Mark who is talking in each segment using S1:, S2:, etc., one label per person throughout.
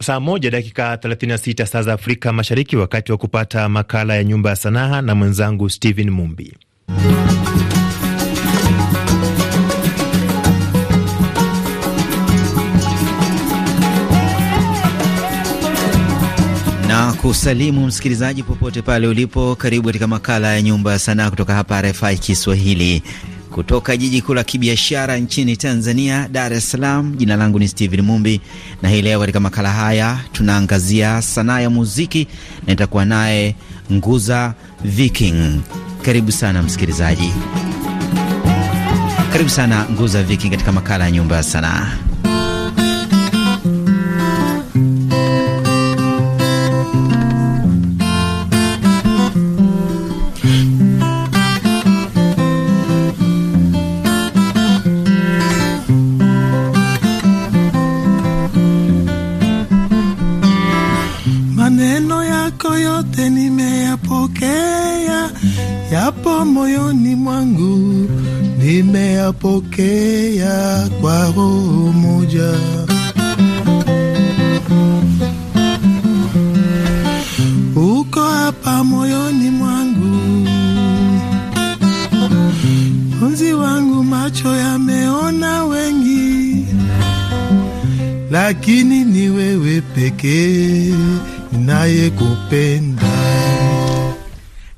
S1: saa moja dakika 36 saa za Afrika Mashariki, wakati wa kupata makala ya Nyumba ya Sanaa na mwenzangu stephen Mumbi.
S2: na kusalimu msikilizaji popote pale ulipo. Karibu katika makala ya Nyumba ya Sanaa kutoka hapa RFI Kiswahili kutoka jiji kuu la kibiashara nchini Tanzania, Dar es Salaam. Jina langu ni Steven Mumbi, na hii leo katika makala haya tunaangazia sanaa ya muziki na itakuwa naye Nguza Viking. Karibu sana msikilizaji, karibu sana Nguza Viking katika makala ya Nyumba ya Sanaa.
S3: wewe pekee kupenda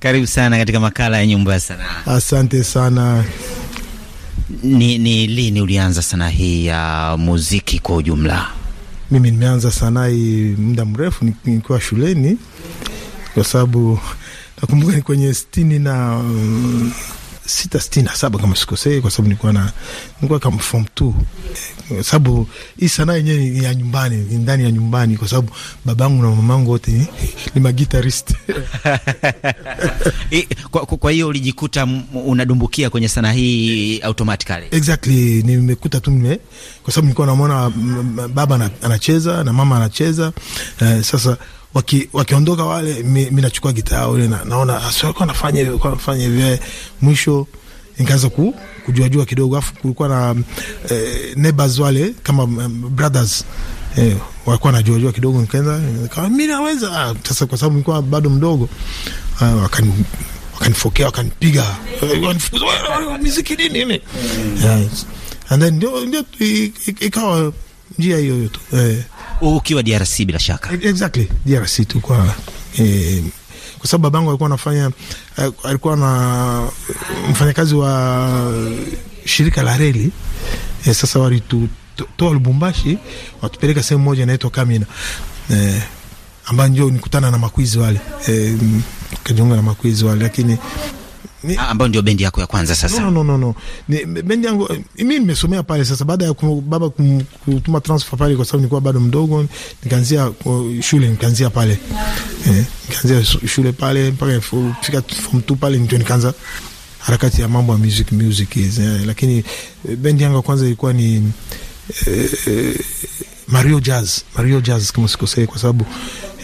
S2: Karibu sana katika makala ya nyumba ya sanaa.
S3: Asante sana.
S2: Ni, ni lini ulianza sanaa hii ya muziki kwa ujumla?
S3: Mimi nimeanza sanaa hii muda mrefu nikiwa shuleni, kwa sababu nakumbuka ni kwenye sitini na um, sita sitini na saba kama sikosei, kwa sababu nilikuwa na nilikuwa kama form two, kwa eh, sababu hii sanaa yenyewe ni ya nyumbani, ndani ya nyumbani, kwa sababu babangu na mamangu wote ni magitarist
S2: kwa, kwa hiyo ulijikuta unadumbukia kwenye sanaa hii automatically?
S3: Exactly, nimekuta tu nime, kwa sababu nilikuwa namuona baba anacheza na mama anacheza, eh, sasa waki, wakiondoka wale, mi mi nachukua gitaa ule na, naona asiwalikuwa nafanya hivyo, kwa nafanya hivyo eh. mwisho nikaanza ku, kujuajua kidogo, afu kulikuwa na eh, neighbors wale kama um, brothers eh, walikuwa najuajua kidogo, nikaanza nikawa mi naweza ah, sasa, kwa sababu nilikuwa bado mdogo uh, wakani wakanifokea wakanipiga, eh, wanifukuza miziki nini nini, mm. and then ndio ikawa njia hiyo hiyo tu eh. Ukiwa DRC bila shaka, e, exactly DRC tu kwa eh, kwa sababu babangu alikuwa anafanya eh, alikuwa na mfanyakazi wa shirika la reli eh, sasa walitutoa Lubumbashi watupeleka sehemu moja inaitwa Kamina eh, ambayo ndio nikutana na makwizi wale eh, kajiunga na makwizi wale, lakini
S2: ni... Ah, ambayo ndio bendi yako ya kwanza sasa? No,
S3: no, no, no. Ni, bendi yangu mimi eh, nimesomea pale. Sasa baada ya kum, baba kum, kutuma transfer pale, kwa sababu nilikuwa bado mdogo, nikaanzia oh, shule, nikaanzia pale eh, nikaanzia shule pale mpaka kufika form 2 pale ndio nikaanza harakati ya mambo ya music music is eh, lakini eh, bendi yangu ya kwanza ilikuwa ni
S4: eh, eh,
S3: Mario Jazz, Mario Jazz kama sikosei, kwa sababu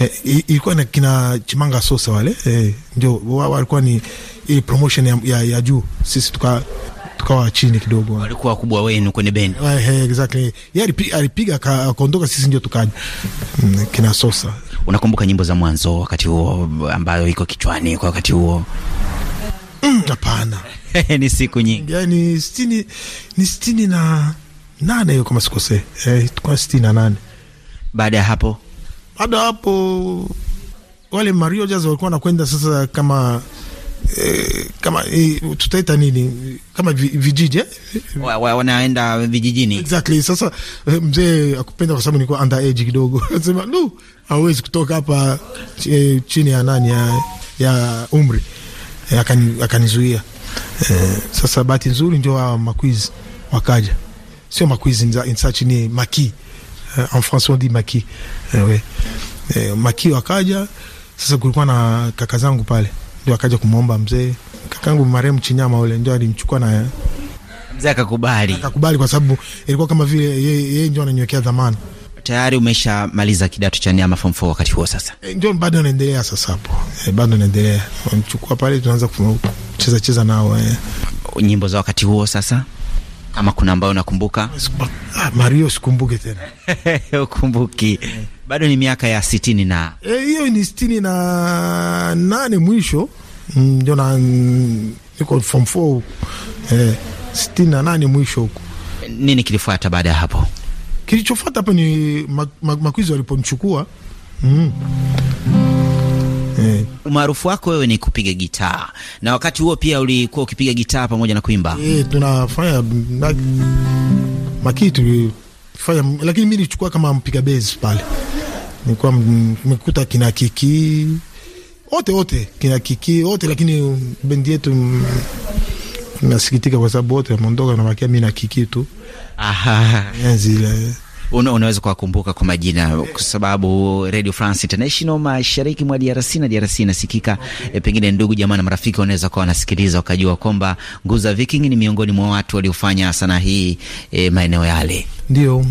S3: eh, ilikuwa na kina Chimanga Sosa wale eh, ndio walikuwa ni hii promotion ya, ya, ya juu sisi tuka tukawa chini kidogo.
S2: Walikuwa wakubwa wenu kwenye bendi.
S3: Eh, eh exactly. Yeye alipiga akaondoka, sisi ndio tukaja mm, kina Sosa.
S2: Unakumbuka nyimbo za mwanzo wakati huo ambayo iko kichwani kwa wakati
S3: huo? Mm, hapana. Mm, ni siku nyingi. Yaani sitini ni sitini na nane hiyo kama sikose. Eh, tukua sitini na nane. Baada ya hapo, baada hapo wale Mario Jazz walikuwa wanakwenda sasa kama Eh, kama eh, tutaita nini kama vijiji eh?
S2: wanaenda vijijini
S3: exactly. Sasa eh, mzee akupenda kwa sababu nilikuwa under kidogo, anasema no, hawezi kutoka hapa e, chini ya nani ya, ya umri e, akani, akanizuia e, sasa bahati nzuri ndio hawa makwizi wakaja, sio makwizi in ni maki en France on dit maki e, we. E, maki wakaja sasa, kulikuwa na kaka zangu pale ndio akaja kumwomba mzee, kakangu marehemu Chinyama ule ndio alimchukua na
S2: mzee akakubali,
S3: akakubali kwa sababu ilikuwa kama vile yeye ndio ananywekea dhamana.
S2: Tayari umeshamaliza kidato cha Nyama ama form 4 wakati huo sasa?
S3: E, ndio bado naendelea sasa hapo. E, bado naendelea. Wamchukua pale tunaanza kucheza cheza nao. E.
S2: Nyimbo za wakati huo sasa? Kama kuna ambayo unakumbuka?
S3: Ah, Mario sikumbuki tena.
S2: Ukumbuki. Bado ni miaka ya sitini na
S3: eh, hiyo e, ni sitini na nane mwisho mm, ndio na niko form 4 e, eh, sitini na nane mwisho huko.
S2: Nini kilifuata baada ya hapo?
S3: Kilichofuata hapo ni makwizi ma, ma, walipomchukua mm
S2: eh. Umaarufu wako wewe ni kupiga gitaa, na wakati huo pia ulikuwa ukipiga gitaa pamoja na kuimba eh?
S3: Tunafanya makitu fanya, lakini mimi nilichukua kama mpiga bezi pale, nilikuwa nimekuta kina kiki wote wote kina kiki wote, lakini bendi yetu nasikitika kwa sababu wote wameondoka, nabakia mi na kiki tu eh, zile
S2: una, unaweza kuwakumbuka kwa majina, kwa sababu Radio France International mashariki mwa DRC na DRC inasikika. E, pengine ndugu jamaa na marafiki wanaweza kuwa wanasikiliza wakajua kwamba Nguza Viking ni miongoni mwa watu waliofanya sanaa hii e, maeneo yale.
S3: Ndio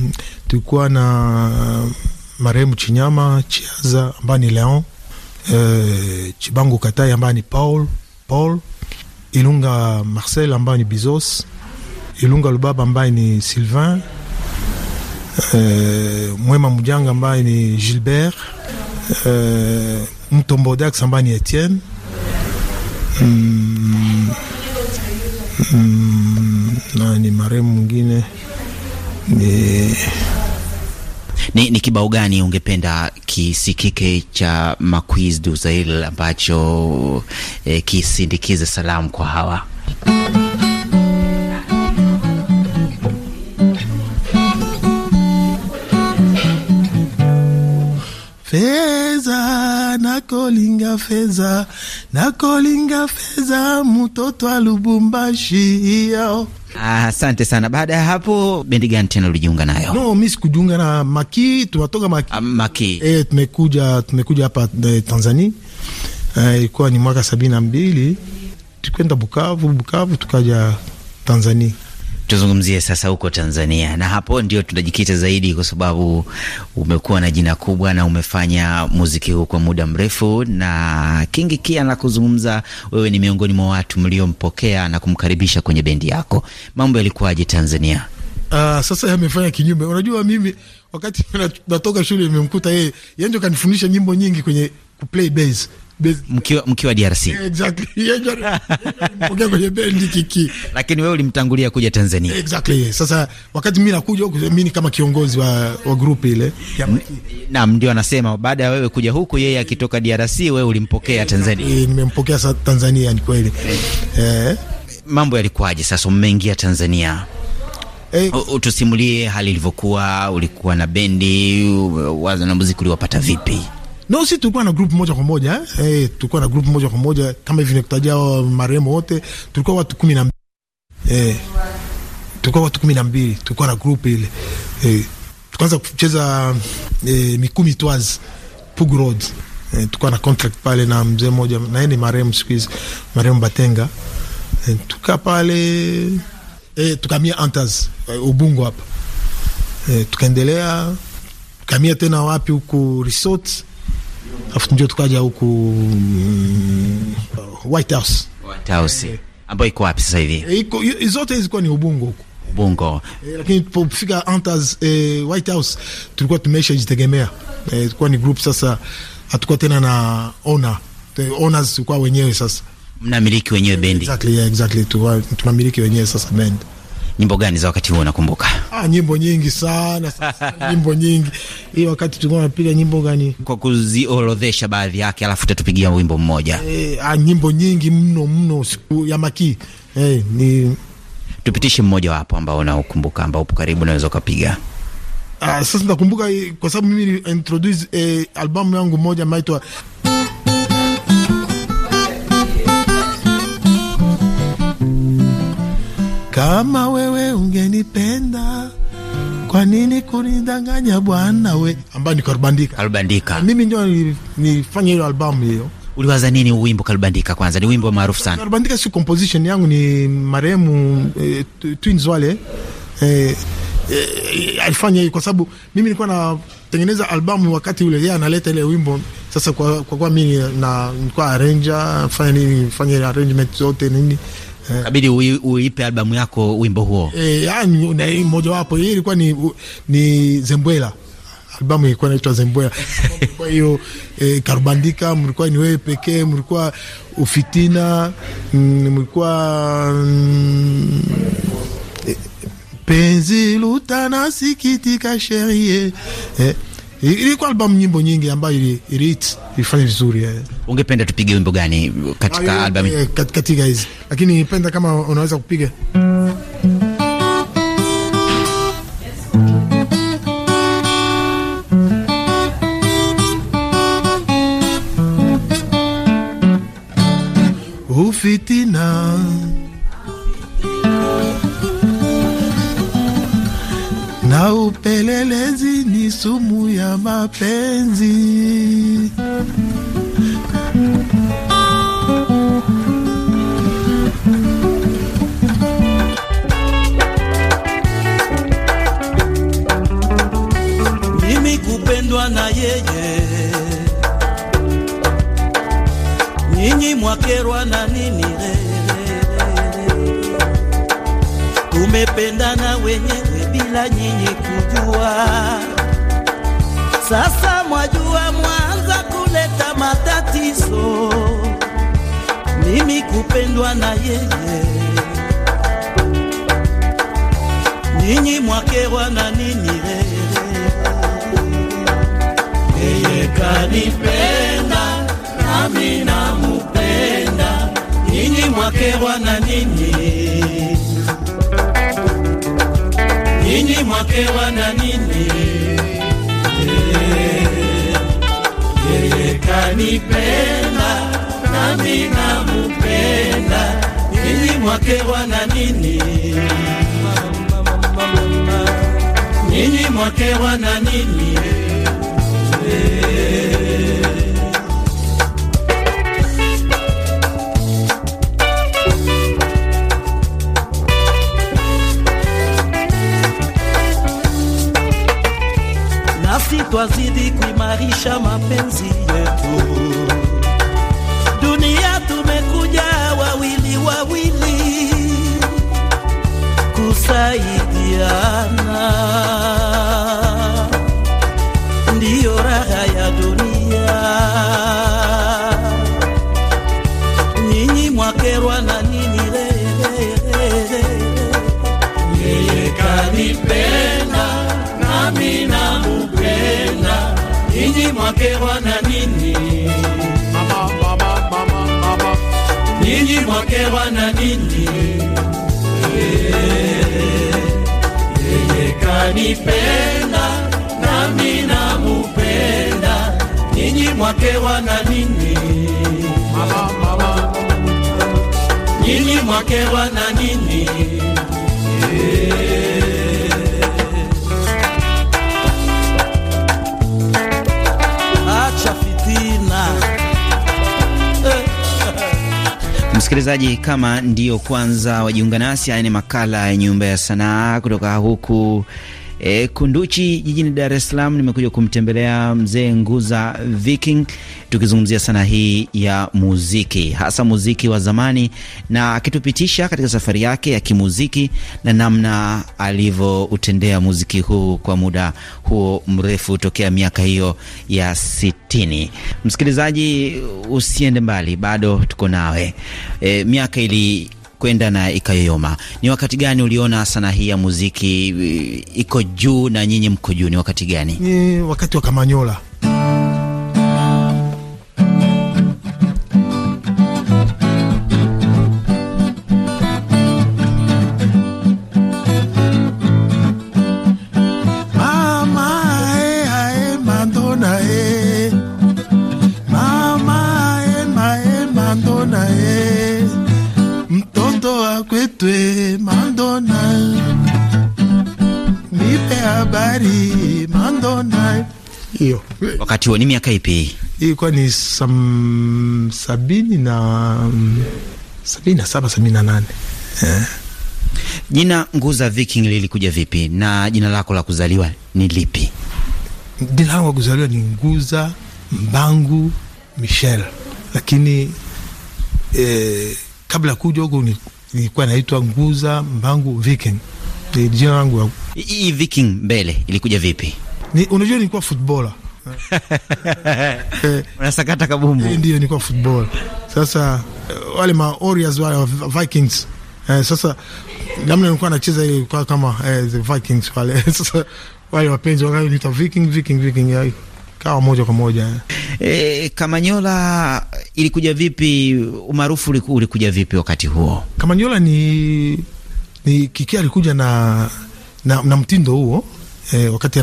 S3: tulikuwa na uh, marehemu Chinyama Chiaza ambaye ni Leon e, Chibangu Katai ambaye ni Paul Paul Ilunga Marcel ambaye ni Bizos Ilunga Lubaba ambaye ni Sylvain Eh, mwema Mujanga ambaye ni Gilbert uh, eh, Mtombodax ambaye ni Etienne mm, mm, na ni marehemu mwingine ni
S2: ni, ni kibao gani ungependa kisikike cha Maquis du ambacho eh, kisindikize salamu kwa hawa
S3: Feza nakolinga feza nakolinga feza mtoto wa Lubumbashi ah,
S2: Asante ah, sana. Baada ya hapo bendi gani tena ulijiunga nayo?
S3: No, mi sikujiunga na Maki, tunatoka Maki, ah, Maki. E, tumekuja tumekuja hapa eh, Tanzania eh, ilikuwa e, ni mwaka sabini na mbili tukwenda Bukavu, Bukavu tukaja Tanzania
S2: Tuzungumzie sasa huko Tanzania, na hapo ndio tunajikita zaidi, kwa sababu umekuwa na jina kubwa na umefanya muziki huu kwa muda mrefu. Na Kingi Kia na kuzungumza, wewe ni miongoni mwa watu mliompokea na kumkaribisha kwenye bendi yako. Mambo yalikuwaje Tanzania?
S3: Uh, sasa yamefanya kinyume. Unajua, mimi wakati natoka shule imemkuta yeye, yeye ndio kanifundisha nyimbo nyingi kwenye kuplay bass mkiwa DRC
S2: exactly, mpokea kwenye bendi kiki, lakini wewe ulimtangulia kuja Tanzania
S3: exactly. Sasa wakati mimi nakuja huku, mimi kama kiongozi wa, wa grupu ile,
S2: naam, ndio anasema baada ya wewe kuja huku, yeye akitoka DRC, wewe ulimpokea exactly. Tanzania.
S3: Nimempokea sa Tanzania, ni kweli
S2: eh. Mambo yalikuwaje sasa, mmeingia Tanzania? Hey. Eh. Utusimulie hali ilivyokuwa, ulikuwa na bendi, wazo na muziki uliwapata vipi?
S3: na no, si tulikuwa na group moja kwa moja eh? Hey, eh, tulikuwa na group moja kwa moja kama hivi nikutajia marehemu wote, tulikuwa watu kumi na mbili eh, tulikuwa watu kumi na mbili tulikuwa na group ile eh, tukaanza kucheza eh, mikumi twazi Pugu Road eh, tulikuwa na contract pale na mzee mmoja na yeye ni marehemu siku hizi, marehemu Batenga eh, tukaa pale eh, tukamia antas eh, Ubungo hapa eh, tukaendelea kamia tena wapi huku resort afu ndio tukaja huku mm, White House,
S2: White House eh, ambayo iko wapi sasa hivi? Eh,
S3: iko zote hizo ni Ubungo huko Ubungo eh, lakini tulipofika Antas eh, White House tulikuwa tumeisha jitegemea eh, tulikuwa ni group sasa, hatukuwa tena na owner the owners, tulikuwa wenyewe sasa.
S2: Mnamiliki wenyewe bendi?
S3: Exactly, yeah, exactly, tunamiliki wenyewe sasa bendi
S2: Nyimbo gani za wakati huo unakumbuka?
S3: Ah, nyimbo nyingi sana sasa, nyimbo nyingi. Hii wakati tulikuwa tunapiga nyimbo gani?
S2: Kwa kuziorodhesha baadhi yake, alafu utatupigia wimbo mmoja.
S3: Eh, ah, nyimbo nyingi mno mno siku ya maki. Eh, ni tupitishe mmoja wapo ambao
S2: unaokumbuka ambao upo karibu naweza ukapiga.
S3: Ah, sasa nakumbuka eh, kwa sababu mimi introduce eh, albamu yangu moja inaitwa Kama wewe ungenipenda kwa nini kunidanganya bwana we, ambayo ni Kalubandika. Kalubandika. Mimi ndio nilifanya hiyo albamu hiyo. Uliwaza nini wimbo Kalubandika? Kwanza
S2: ni wimbo maarufu sana.
S3: Kalubandika si composition yangu, ni marehemu eh, twins wale eh, eh, alifanya hiyo kwa sababu mimi nilikuwa natengeneza albamu wakati ule, yeye analeta ile wimbo. Sasa kwa kwa, kwa mimi na nilikuwa arranger, fanya nini, fanya arrangement zote nini Eh. kabidi
S2: uipe albamu yako wimbo huo eh,
S3: yani mmoja eh, wapo. Hii ilikuwa ni, ni Zembwela, albamu ilikuwa inaitwa Zembwela. Kwa hiyo e, Karubandika, mlikuwa ni wewe pekee, mlikuwa Ufitina, mm, mlikuwa mm, penzi lutana sikitika sherie eh ilikuwa albamu nyimbo nyingi ambayo ili, ili hit ilifanya vizuri. Eh.
S2: Ungependa tupige wimbo gani katika
S3: albamu yeah, kat, katika hizi lakini penda kama unaweza kupiga ya upelelezi ni sumu ya mapenzi.
S5: Mimi kupendwa na yeye, nyinyi mwakerwa na nini? Tumependana wenyewe bila nyinyi kujua. Sasa mwajua, mwanza kuleta matatizo. Mimi kupendwa na yeye, nyinyi mwakewa na nini? Yeye kanipenda nami namupenda, nyinyi mwakewa na nini? Nini mwake wana nini? Yeye kanipenda nami namupenda. Nini mwake wana nini? Nini mwake wana nini? Yeye kuonyesha mapenzi mwakerwa na nini? Mama, mama, mama, mama. Ninyi mwakerwa na nini? Yeye kanipenda nami namupenda, ninyi mwakerwa na nini? Mama, mama. Ninyi mwakerwa na nini? Yeye
S2: Msikilizaji, kama ndiyo kwanza wajiunga nasi, haya ni makala ya Nyumba ya Sanaa kutoka huku e, Kunduchi jijini Dar es Salaam. Nimekuja kumtembelea mzee Nguza Viking, tukizungumzia sana hii ya muziki, hasa muziki wa zamani, na akitupitisha katika safari yake ya kimuziki na namna alivyoutendea muziki huu kwa muda huo mrefu tokea miaka hiyo ya sitini. Msikilizaji, usiende mbali, bado tuko nawe. E, miaka ili kwenda na ikayoyoma. Ni wakati gani uliona sanaa hii ya muziki eh, iko juu na nyinyi mko juu? Ni wakati gani?
S3: Ni wakati wa Kamanyola habari Mandona. Hiyo
S2: wakati huo ni miaka ipi?
S3: Ilikuwa ni sam, sabini na sabini na saba sabini na nane eh. Jina Nguza Viking
S2: lilikuja vipi na jina lako la kuzaliwa ni lipi?
S3: Jina langu la kuzaliwa ni Nguza Mbangu Michel, lakini eh, kabla kuja huku nilikuwa naitwa Nguza Mbangu Viking e, jina langu
S2: hii Viking mbele ilikuja vipi?
S3: Ni, unajua nilikuwa footballer eh. unasakata kabumbu eh, ndio nilikuwa footballer. Sasa eh, wale ma Warriors wale Vikings eh, sasa namna nilikuwa nacheza ile kwa kama eh, the Vikings wale sasa wale wapenzi wangu ni Viking Viking Viking ya, eh, kawa moja kwa moja eh.
S2: e, Kamanyola ilikuja vipi? Umaarufu ulikuja vipi wakati huo?
S3: Kamanyola ni ni Kiki alikuja na, na, na mtindo huo eh, wakati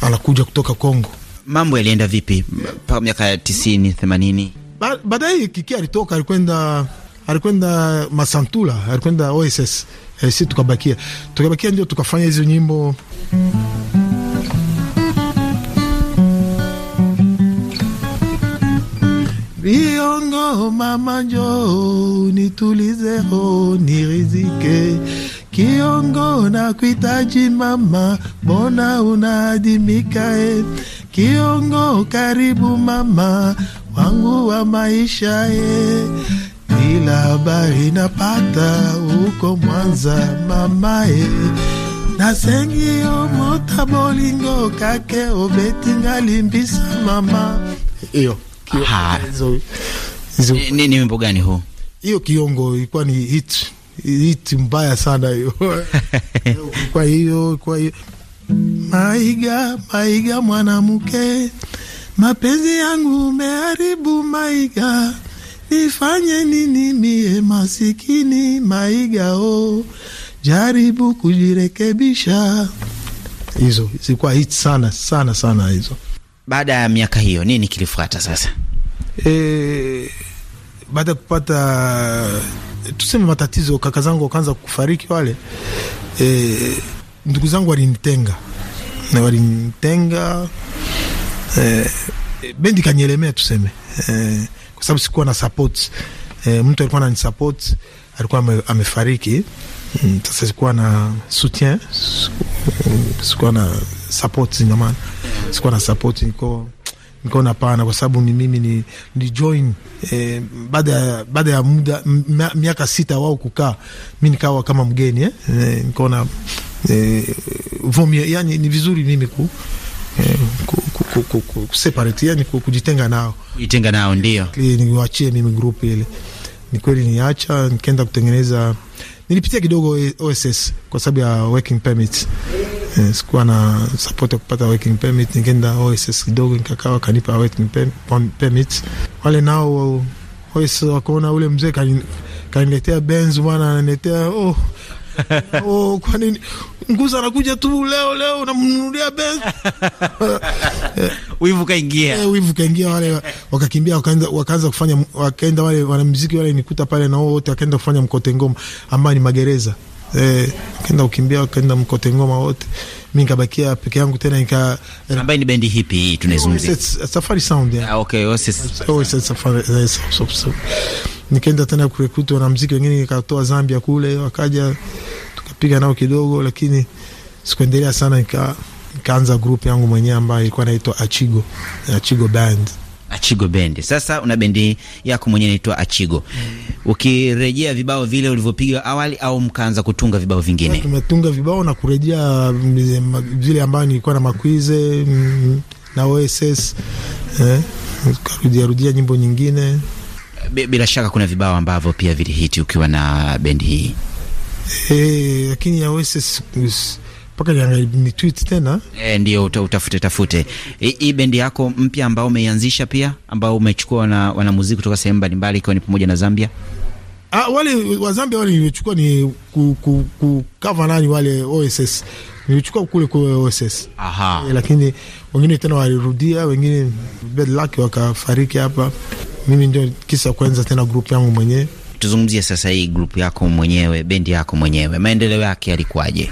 S3: anakuja kutoka Kongo. Mambo
S2: yalienda vipi mpaka miaka ya tisini themanini?
S3: Ba, baadaye Kiki alitoka alikwenda alikwenda Masantula, alikwenda OSS eh, si tukabakia tukabakia, ndio tukafanya hizo nyimbo Viongo mama, njoo nitulize, ho nirizike Kiongo na kuitaji mama, mbona unaadimika e? Kiongo karibu mama wangu wa maisha e, eh? ila habari napata huko Mwanza mama e, eh? nasengio mota bolingo kake obeti ngalimbisa mama
S2: hiyo. Ni wimbo gani huu?
S3: Hiyo Kiongo ilikuwa ni hit iti mbaya sana hiyo. Kwa hiyo kwa hiyo, Maiga Maiga mwanamke, mapenzi yangu umeharibu Maiga, nifanye nini mie masikini Maiga o, jaribu kujirekebisha. Hizo zilikuwa hiti sana sana sana hizo. Baada ya
S2: miaka hiyo nini kilifuata sasa?
S3: E, baada ya kupata tuseme matatizo, kaka zangu wakaanza kufariki wale, e, ndugu zangu walinitenga na walinitenga e, bendi kanielemea tuseme e, kwa sababu sikuwa na support e, mtu alikuwa ananisupport alikuwa ame, amefariki mm, sasa sikuwa na soutien, sikuwa na support, ina maana sikuwa na support niko nikaona pana kwa sababu ni mimi ni, ni join eh, baada ya muda miaka sita wao kukaa, mi nikawa kama mgeni eh, eh, nikaona eh, vomie, yani ni vizuri mimi ku eh, kuseparate yani kujitenga nao, kujitenga nao ndio niwachie mimi group ile. Ni kweli niacha, nikaenda kutengeneza, nilipitia kidogo OSS kwa sababu ya working permit Eh, sikuwa na support ya kupata working permit, nikaenda OSS kidogo nikakaa, wakanipa working permit. Wale nao OSS wakaona ule mzee kaniletea Benz bwana, ananiletea oh, oh, kwa nini nguza anakuja tu leo leo unamnunulia Benz? wivu kaingia, eh, wivu kaingia. Wale wakakimbia wakaanza wakaanza kufanya, wakaenda wale wanamuziki wale nikuta pale na wote wakaenda kufanya mkote ngoma ambayo ni magereza eh, kenda ukimbia kenda mkote ngoma wote, mimi nikabakia peke yangu tena nika
S2: ambaye ni bendi hipi hii tunaizungumzia
S3: Safari Sound ya. Ah, okay, osis osis oh, Safari Sound. Nikaenda tena kurekruti wanamuziki wengine, nikatoa Zambia kule, wakaja tukapiga nao kidogo, lakini sikuendelea sana, nika nikaanza group yangu mwenyewe ambayo ilikuwa naitwa Achigo Achigo Band
S2: Achigo Bendi. Sasa una bendi yako mwenyewe inaitwa Achigo. Ukirejea vibao vile ulivyopiga awali au mkaanza kutunga vibao vingine?
S3: Tumetunga vibao na kurejea mm, vile ambayo nilikuwa na Makwize mm, na OSS eh, nyimbo nyingine.
S2: Bila shaka kuna vibao ambavyo pia vilihiti ukiwa na bendi hii.
S3: Eh, lakini ya OSS mpaka niangalie tweet tena
S2: e, ndio utafute tafute hii bendi yako mpya ambao umeianzisha pia ambao umechukua na wanamuziki kutoka sehemu mbalimbali ikiwa ni pamoja na Zambia.
S3: Ah, wale wa Zambia wale nilichukua ni ku, ku, ku cover nani wale OSS nilichukua kule kwa OSS. Aha. E, lakini wengine tena walirudia, wengine bad luck wakafariki hapa. Mimi ndio kisa kwanza tena group yangu mwenyewe.
S2: Tuzungumzie sasa hii group yako mwenyewe, bendi yako mwenyewe, maendeleo yake yalikuwaje?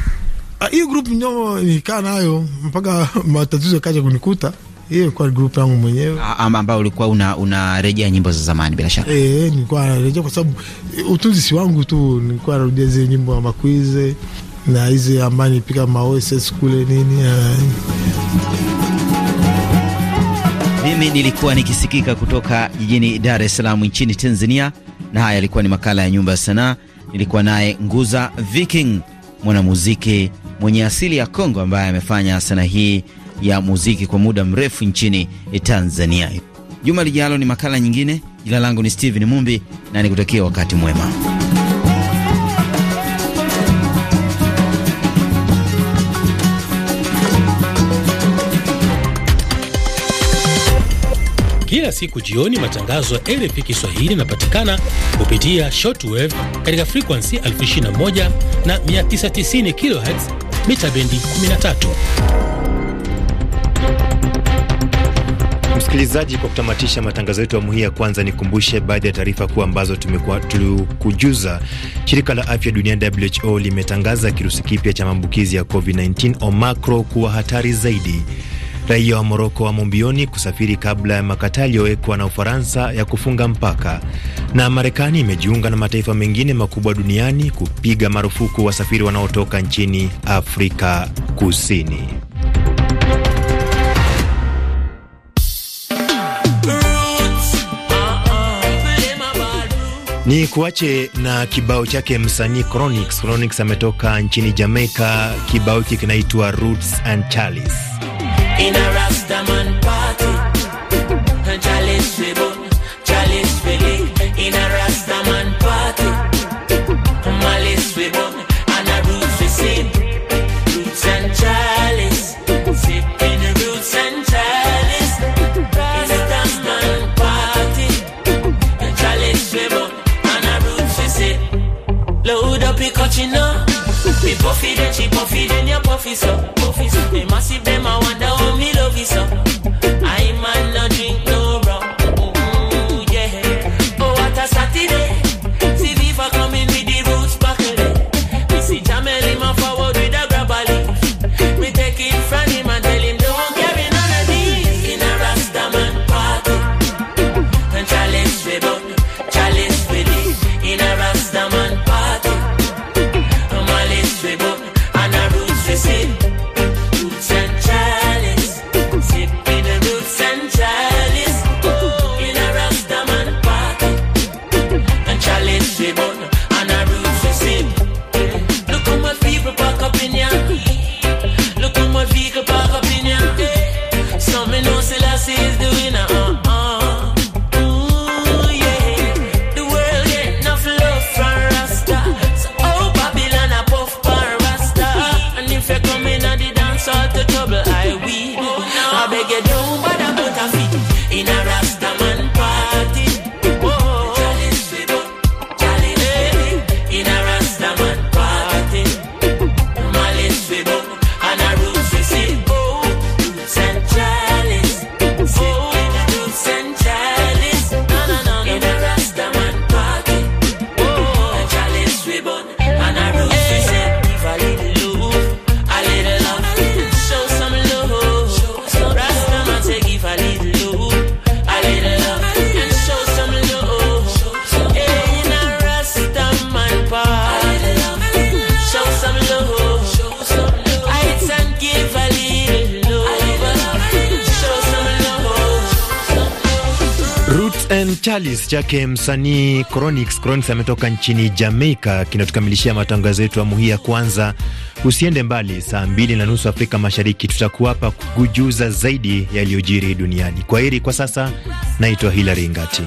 S3: Ah, hii group ndio nikaa nayo mpaka matatizo kaja kunikuta. Hiyo kwa group yangu mwenyewe
S2: ah, ambao ulikuwa una unarejea nyimbo za zamani bila shaka.
S3: Eh, nilikuwa narejea kwa sababu eh, utunzi si wangu tu, nilikuwa narudia zile nyimbo za Makwize na hizi ambaye pika maoss kule nini. Eh.
S2: Mimi nilikuwa nikisikika kutoka jijini Dar es Salaam nchini Tanzania, na haya yalikuwa ni makala ya nyumba ya sanaa. Nilikuwa naye Nguza Viking mwanamuziki mwenye asili ya Kongo ambaye amefanya sanaa hii ya muziki kwa muda mrefu nchini Tanzania. Juma lijalo ni makala nyingine. Jina langu ni Steven Mumbi na nikutakia wakati mwema.
S1: Kila siku jioni matangazo ya RFI Kiswahili yanapatikana kupitia shortwave katika frequency 21 na 990 kHz mita bendi 13. Msikilizaji, kwa kutamatisha matangazo yetu awamu hii ya kwanza, nikumbushe baadhi ya taarifa kuu ambazo tulikujuza. Shirika la afya duniani WHO limetangaza kirusi kipya cha maambukizi ya COVID-19 Omicron kuwa hatari zaidi. Raia wa Moroko wamo mbioni kusafiri kabla ya makataa yaliyowekwa na Ufaransa ya kufunga mpaka. Na Marekani imejiunga na mataifa mengine makubwa duniani kupiga marufuku wasafiri wanaotoka nchini Afrika Kusini. Ni kuache na kibao chake msanii Chronix. Chronix ametoka nchini Jamaica. Kibao hiki kinaitwa Roots and Charlies.
S6: in a Rastaman party. Chalice we bun, chalice we lick in a Rastaman party. Malice we bun, and a roots we sip. Roots and chalice, sipping roots and chalice. Rastaman party. Chalice we bun, and a roots we sip. Load up your up? Me puffy, then she puffy, then you puffy so. Puffy so. Me massive, them I wonder how me love you so.
S1: Charles chake msanii Chronix. Chronix ametoka nchini Jamaica, kinatukamilishia matangazo yetu amu hii ya kwanza. Usiende mbali, saa mbili na nusu Afrika Mashariki tutakuwapa kujuza zaidi yaliyojiri duniani. Kwa heri kwa sasa, naitwa Hilary Ngati.